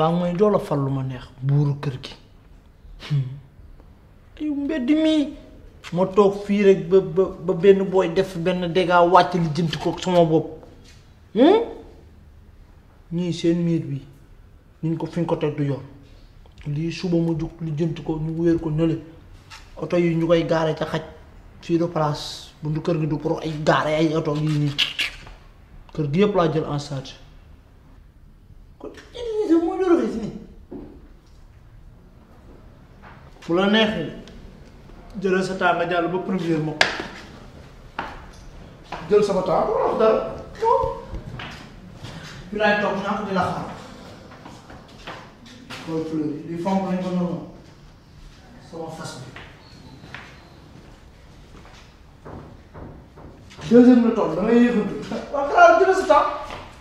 avant mooy doo la fal lu ma neex buuru kër gi hmm. ay mbedd mii ma toog fii rek ba ba ba benn booy def benn dégât wàcc li jënt ko suma bopp hmm? ñii seen miir bi niñ ko fi ko teg du yoon lii suba ma jug li ko ñu wéer ko nële oto yi ñu koy gaare ca xaj fii du place buntu kër gi du pour ay gaare ay oto yii nii kër gi yëpp laa jël en charge bu la neexee jëlal sa temps nga jàll ba première moom jël sama temps bu wax dara bi laay toog ñàkk di la xaar loolu fleur yi di fonk nañ ko noonu sama fas bi deuxième la toog da sa temps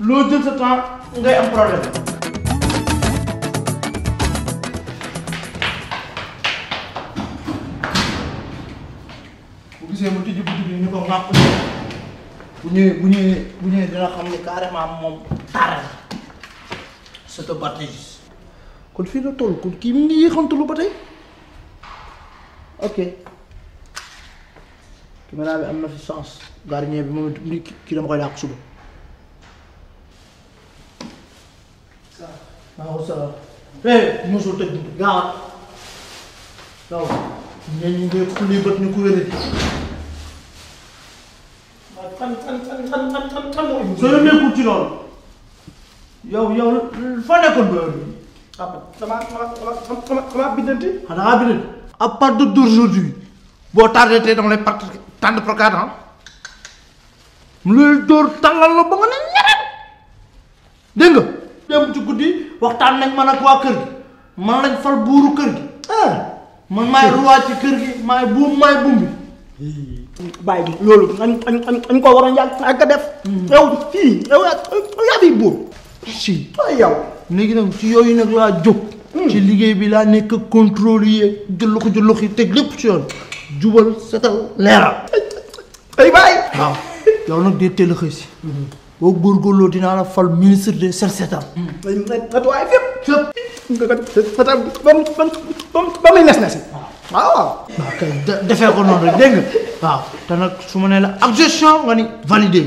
loo jël sa temps ngay am problème gisee mu tijji bunt bi ñu ko ŋàpp bu ñëwee bu ñëwee bu ñëwee xam ne carrément moom taar la c'est kon fii la toll kon kii mu ngi yéexantalu ba tey ok caméra bi am na fi sens gardien bi moom ni kii dama koy dàq suba waaw ça va mosul tëj gaaw ñeñ ñu bët ñu ko wérati soo yoon nekkul ci loolu yow yow fa nekkoon ba heure bii. papa damaa damaa damaa biddanti. ah da boo tardé te dama lay part tànn procade ah. mu lay dóor tàngal la ba nga ne ñeneen. dégg dem ci guddi waxtaan nañ man ak waa kër gi man lañ fol buuru kër gi. Ah. man maay ruwaat ci kër gi maay buum maay buum bi. bàyyi bi loolu dañ dañ ko waroon yàgg ak def. Mm-hmm. yow fii yow yaa fi buur. si waaye yow. léegi nag ci yi nag laa jóg. Mm. ci liggéey bi laa nekk contrôler jullux jullux yi teg lépp ci yoon jubal setal leeral. ay bàyyi. waaw yow nag dee teel a xëy si. Mm-hmm. boo góorgóorloo dinaa la fal ministre de set setal. dañ dañ dañ waaye fépp. fépp. ba muy nes nesi. waaw ah. waaw kay defee ko noonu rek dégg waaw te nag su ma nee la objection nga ni validé.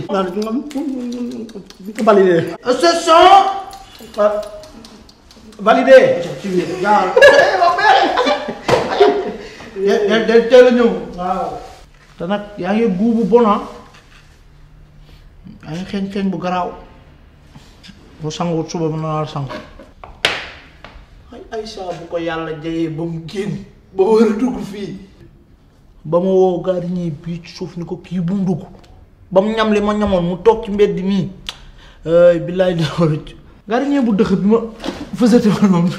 validé. objection. yaa ngi guubu bon yaa ngi xeeñ xeeñ bu garaaw. bu sangu suba mën na la sangu. ay ay saa bu ko yàlla jëyee ba mu génn. ba war a dugg fii ba ma woo gardien bii suuf ni ko kii bu mu dugg ba mu ñam li ma ñamoon mu toog ci mbedd mii billaay dina war a gardien bu dëkk bi ma fësate ma noonu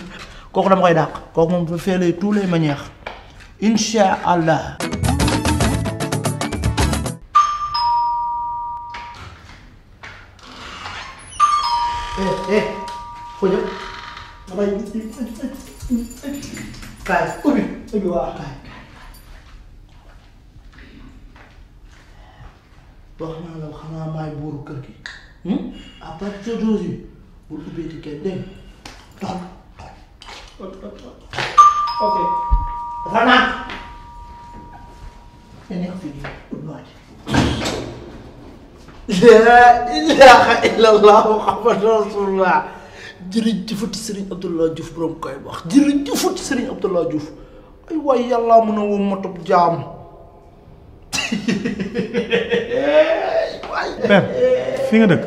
kooku dama koy dàq kooku moom fa feelee tous les allah eh, eh, 这个 waa wax naa la xanaa maay buuru kër gi. Hmm? à partir d'aujourd'hui bul ubbeeti kenn dégg nga ok dafa naan nga nekk fii ubbiwaat. laa ilaaha illallah muhammadu rasulullah jërëjëfati Serigne Abdoulaye Diouf borom koy wax jërëjëfati Serigne Abdoulaye Diouf. ay waay yàllaa mën a woo motub jaam waay Père fi nga dëkk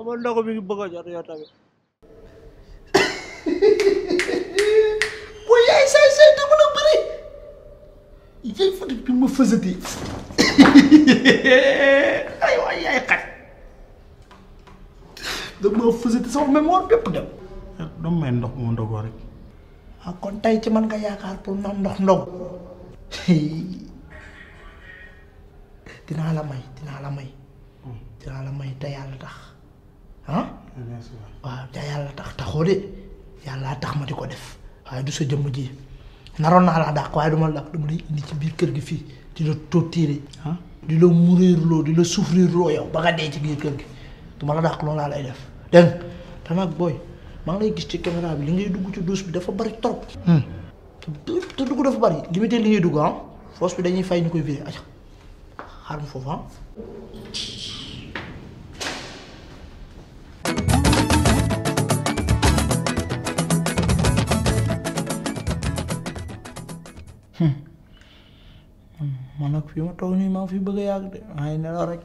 ama ndogu mi ngi bëgg a jot yow tamit bu yaay saay saay dama la bëri yéy fa bi ma fësati ay waay yaay xaj da ma fësati sama mémoire bépp dem doomu may ndox moo ndogoo rek ah kon tey ci man nga yaakaar pour ma ndox ndog dinaa la may dinaa la may dinaa la may te yàlla tax ah waaw te yàlla tax taxoo de yàlla tax ma di ko def waaye du sa jëmm ji naroon naa laa dàq waaye du ma la du ma lay indi ci biir kër gi fii di la torturer ah di la mourir loo di la souffrir loo yow ba nga dee ci biir kër gi du ma la dàq loolu laa lay def dégg nga te nag booy maa ngi lay gis ci caméra bi li ngay dugg ci douche bi dafa bari trop. Hmm. te dugg dafa bari limité li ngay dugg ah foos bi dañuy fay ñu koy viré aca xaar ma foofu ah. man nag fi ma toog nii maa fi bëgg a yàgg de maa nelaw rek.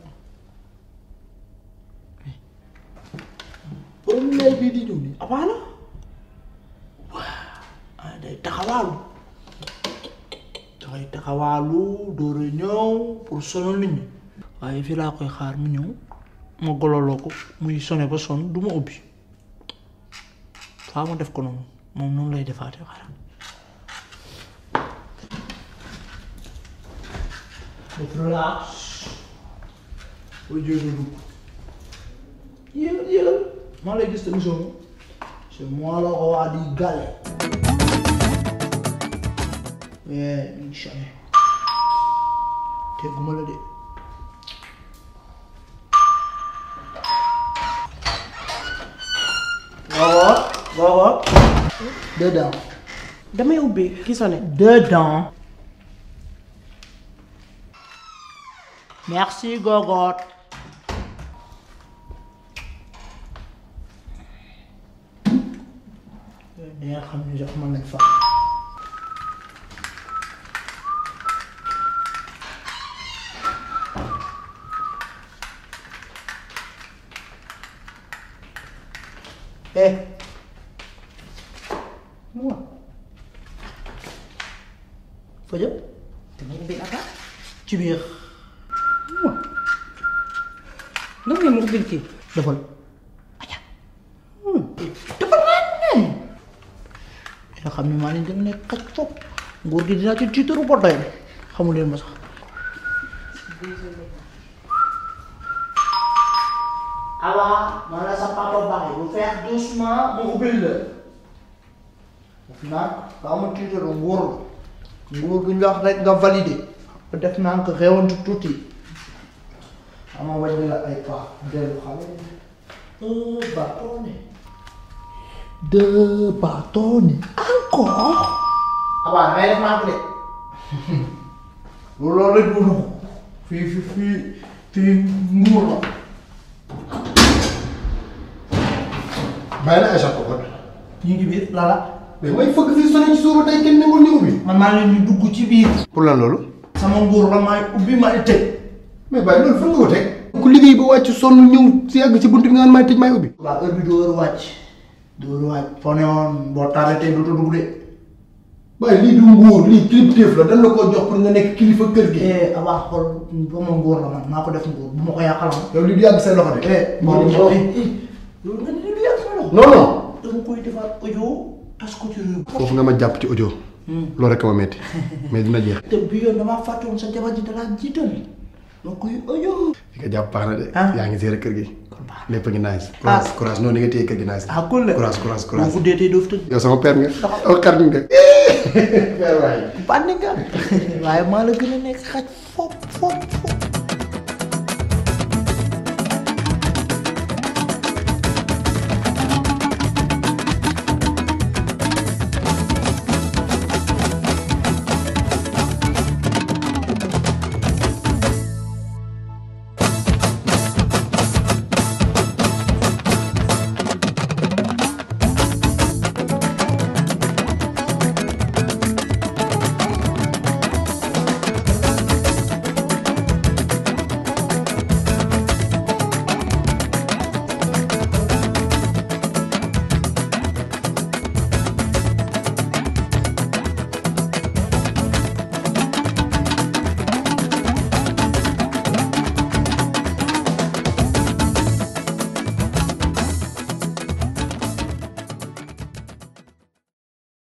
borom leer bii di ñëw nii abaa day taxawaalu door a ñëw pour sonal nit ñi. waaye fii laa koy xaar mu ñëw ma gololoo ko muy sone ba sonn du ubbi faa ma def ko noonu moom noonu lay defaatee xaaral. L'altro là. Poi giù giù. Yëgal la ko di gale. mais incha allah tegguma la de. waaw waaw waaw. dedans. damay ubbi ki sonné. Merci, Gogotte. yaa xam ne jox mën nañ fa. eh. waaw. fa ci biir. ndox mi mu ubbil kii defal aja hmm. defal naan ne xam ne maa leen gën a nekk xaj foog nguur gi dinaa ci tiitaru ba doy xamu leen ma sax awa man la sa papa baaxee bu feex doucement mu ubbil la def nga amul tiitaru nguur nguur gi ñu wax rek nga validé def naan ko xewantu ama wàññi la ay pas dellu xale un bâtonnet deux bâtonnets encore. abaa ngay def maa de loolu la ñu fii fii fii fii nguur la. bàyyi la échec ko kon. ñu ngi biir lala. mais mooy fii sonné ci suuru tey kenn nangul ni ubbi. man maa ngi ci biir. pour lan loolu. sama nguur la maay ubbi maay tëj. mais bàyyi loolu fan nga ko teg. ku liggéey ba wàcc sonn ñëw si yàgg si buntu bi nga xam may may ubbi. waaw heure doo war a wàcc doo war a waaye la ko jox pour nga nekk kilifa kër gi. eh ko de. eh ko ci réew. foofu nga ma jàpp ci audio. Hmm. loolu rek ma metti mais dina jeex. te bi yoon damaa fàtte sa jabar ji dalaa jiital. noo koy oyo. li nga jàpp baax na de. Ah. yaa ngi seere kër gi. lépp ngi nice. ah courage noonu nga téye kër gi nice. ah cool la courage courage courage. tey doo fi tëdd. yow sama père nga. waaw xar nga. père waaye. maa la gën a nekk xaj fop fop fop.